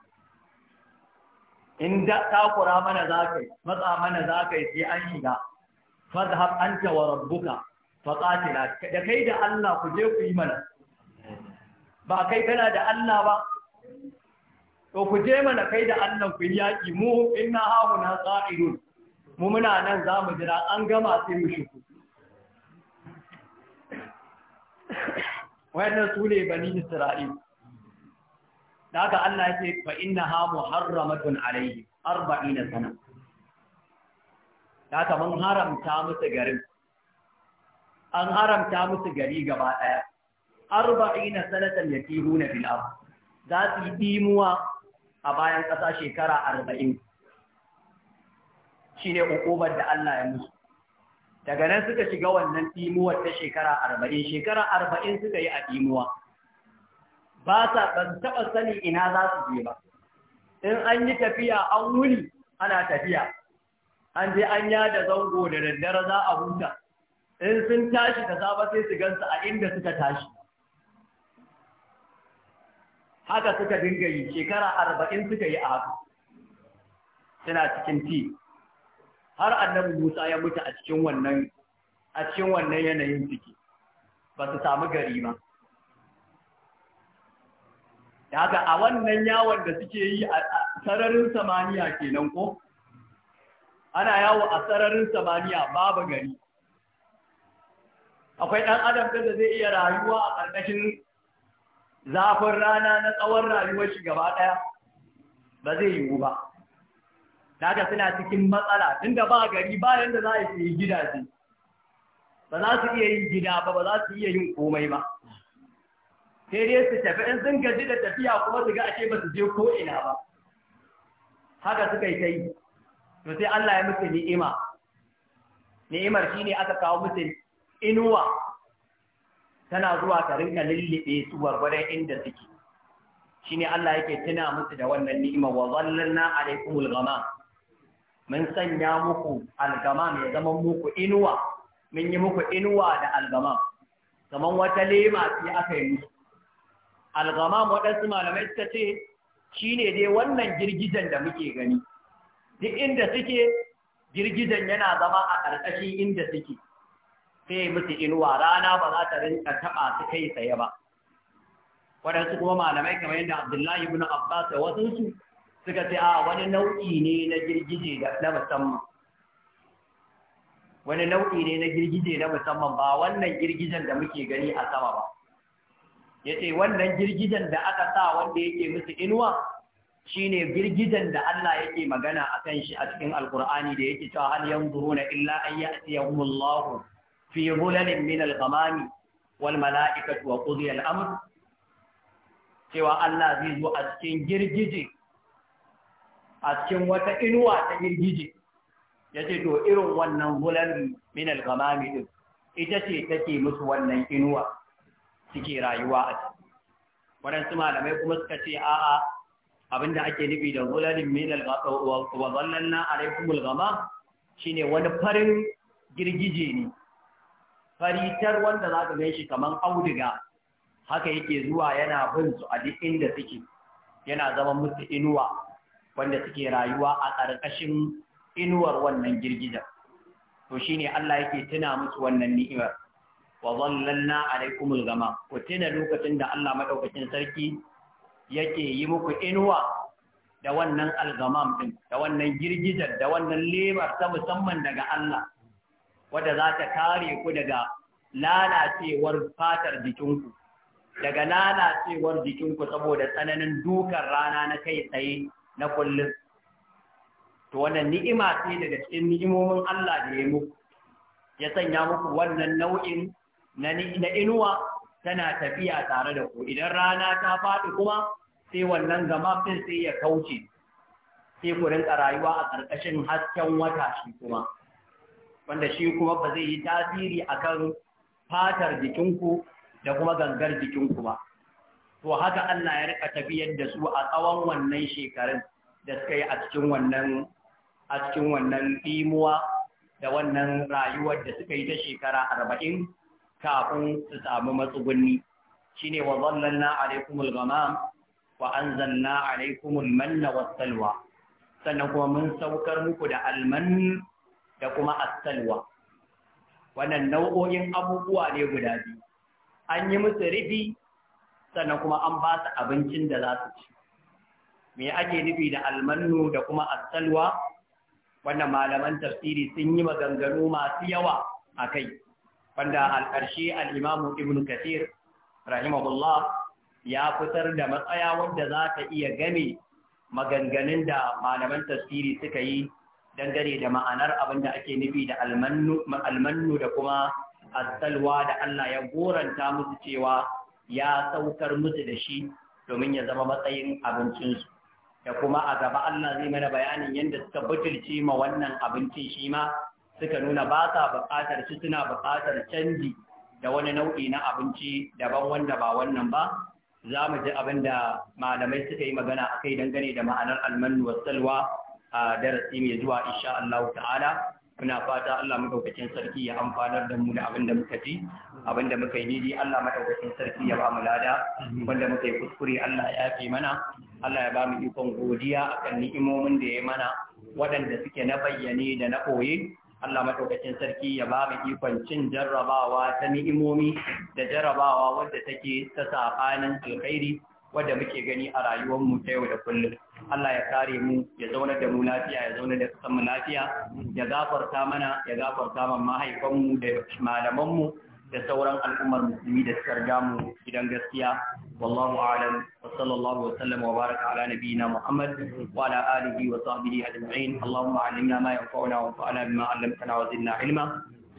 in da takura mana za ka yi matsa mana za ka yi sai an shiga fadhhab anta wa rabbuka faqatila da kai da Allah ku je ku yi mana ba kai kana da Allah ba to ku je mana kai da Allah ku yaƙi. mu inna hahuna qa'idun mu muna nan za mu jira an gama sai mu shigo wayannan su ne bani isra'il da haka Allah ya ce fa innaha muharramatun alayhi na sana da haka mun haramta musu garin an haramta musu gari gaba ɗaya. daya na sanatan yatihuna fil ard za su yi dimuwa a bayan ƙasa shekara arba'in. ne ukubar da Allah ya musu daga nan suka shiga wannan dimuwar ta shekara arba'in. shekara arba'in suka yi a timuwa. ba sa ban taɓa sani ina za su je ba in an yi tafiya an wuni ana tafiya an je an da zango da daddare za a huta in sun tashi da safe sai su gansu a inda suka tashi haka suka dinga yi shekara arba'in suka yi a haka suna cikin ti har annabi Musa ya mutu a cikin wannan a cikin wannan yanayin ciki ba su samu gari ba daga a wannan yawon da suke yi a sararin samaniya kenan ko ana yawo a sararin samaniya babu gari akwai ɗan adam da zai iya rayuwa a ƙarƙashin zafin rana na tsawon rayuwar shi gaba ɗaya ba zai yiwu ba daga suna cikin matsala tunda ba gari ba yadda za a yi gidaje ba za su iya yin gida ba ba za su iya yin komai ba sai dai su tafi in sun gaji da tafiya kuma su ga ashe ba su je ko'ina ba haka suka yi ta yi to sai Allah ya musu ni'ima ni'imar shine aka kawo musu inuwa tana zuwa ta rinka lullube su gwargwadon inda suke shine Allah yake tuna musu da wannan ni'ima wa zallalna alaikumul ghamam mun sanya muku algama ya zama muku inuwa mun yi muku inuwa da algamam kamar wata lema ce aka yi musu algamam waɗansu malamai suka ce shi ne dai wannan girgijan da muke gani duk inda suke girgijan yana zama a ƙarƙashin inda suke sai musu inuwa rana ba za ta rinka taɓa su kai tsaye ba waɗansu kuma malamai kamar yadda abdullahi ibn abbas da wasansu suka ce a ah, wani nau'i ne na girgije na musamman wani nau'i ne na girgije na musamman ba wannan girgijen da muke gani a sama ba ya ce wannan girgijen da aka sa wanda yake musu inuwa shine girgijen da Allah yake magana a kan shi a cikin alkur'ani da yake cewa hal yanzuruna illa an ya'tiyahumullahu fi hulalin min al-ghamami wal mala'ikatu wa qudiya al-amr cewa Allah zai zo a cikin girgije a cikin wata inuwa ta girgije ya ce to irin wannan hulan min al-gamami din ita ce take musu wannan inuwa suke rayuwa a ciki waɗansu malamai kuma suka ce a'a abinda ake nufi da hulalin min algamami na alaikumul gama shine wani farin girgije ne faritar wanda za ka shi kamar auduga haka yake zuwa yana bin su a duk inda suke yana zama musu inuwa wanda suke rayuwa a ƙarƙashin inuwar wannan girgizar. to shine Allah yake tuna musu wannan ni'imar wa zallalna alaikumul gama ku tuna lokacin da Allah madaukakin sarki yake yi muku inuwa da wannan algamam din da wannan girgizar da wannan lebar ta musamman daga Allah wadda za ta kare ku daga lalacewar fatar jikinku daga lalacewar jikinku saboda tsananin dukan rana na kai tsaye na kullum to wannan ni'ima ce daga cikin ni'imomin Allah da ya ya sanya muku wannan nau'in na inuwa tana tafiya tare da ku idan rana ta faɗi kuma sai wannan gama fin sai ya kauce sai ku rinka rayuwa a ƙarƙashin hasken wata shi kuma wanda shi kuma ba zai yi tasiri akan fatar jikinku da kuma gangar jikinku ba to haka Allah ya rika tafiyar da su a tsawon wannan shekarun da suka yi a cikin wannan a cikin wannan imuwa da wannan rayuwar da suka yi ta shekara arba'in kafin su samu matsugunni Shi ne wa zallalna alaikum ghamam wa anzalna alaikumul manna salwa sannan kuma mun saukar muku da alman da kuma asalwa salwa wannan nau'o'in abubuwa ne guda biyu an yi musu rifi sannan kuma an ba su abincin da za su ci me ake nufi da almannu da kuma asalwa Wannan malaman tafsiri sun yi maganganu masu yawa a kai wanda alƙarshe imamu ibn kathir rahimahullah ya fitar da matsaya wanda za ta iya game maganganun da malaman tafsiri suka yi dangane da ma'anar abin da ake nufi da almannu da kuma asalwa da Allah ya goranta musu cewa ya saukar musu da shi domin ya zama matsayin abincinsu da kuma a gaba Allah zai mana bayanin yadda suka butulci ma wannan abincin shi ma suka nuna ba sa buƙatar shi suna buƙatar canji da wani nau'i na abinci daban wanda ba wannan ba za mu ji abin da malamai suka yi magana a kai dangane da ma'anar almanu wa salwa a darasi mai zuwa insha Allah ta'ala muna fata Allah madaukakin sarki ya amfanar da mu da abin da muka ji abin da muka yi ni Allah madaukakin sarki ya ba mu lada wanda muka yi kuskure Allah ya yafe mana Allah ya ba mu ikon godiya akan ni'imomin da ya mana waɗanda suke na bayyane da na koye Allah madaukakin sarki ya ba mu ikon cin jarrabawa ta ni'imomi da jarrabawa wadda take ta sabanin alkhairi wadda muke gani a rayuwar mu ta yau da kullum Allah ya kare mu ya zauna da mu lafiya ya zauna da kasanmu mu lafiya ya gafarta mana ya gafarta man mahaifan mu da malaman mu da sauran al'ummar musulmi da suka riga mu gidan gaskiya wallahu a'lam wa sallallahu wa sallam wa baraka ala nabiyyina muhammad wa ala alihi wa sahbihi ajma'in allahumma allimna ma yanfa'una wa anfa'na bima 'allamtana wa zidna ilma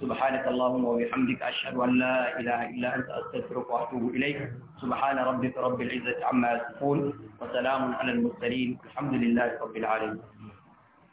سبحانك اللهم وبحمدك أشهد أن لا إله إلا أنت أستغفرك وأتوب إليك سبحان ربك رب العزة عما يصفون وسلام على المرسلين الحمد لله رب العالمين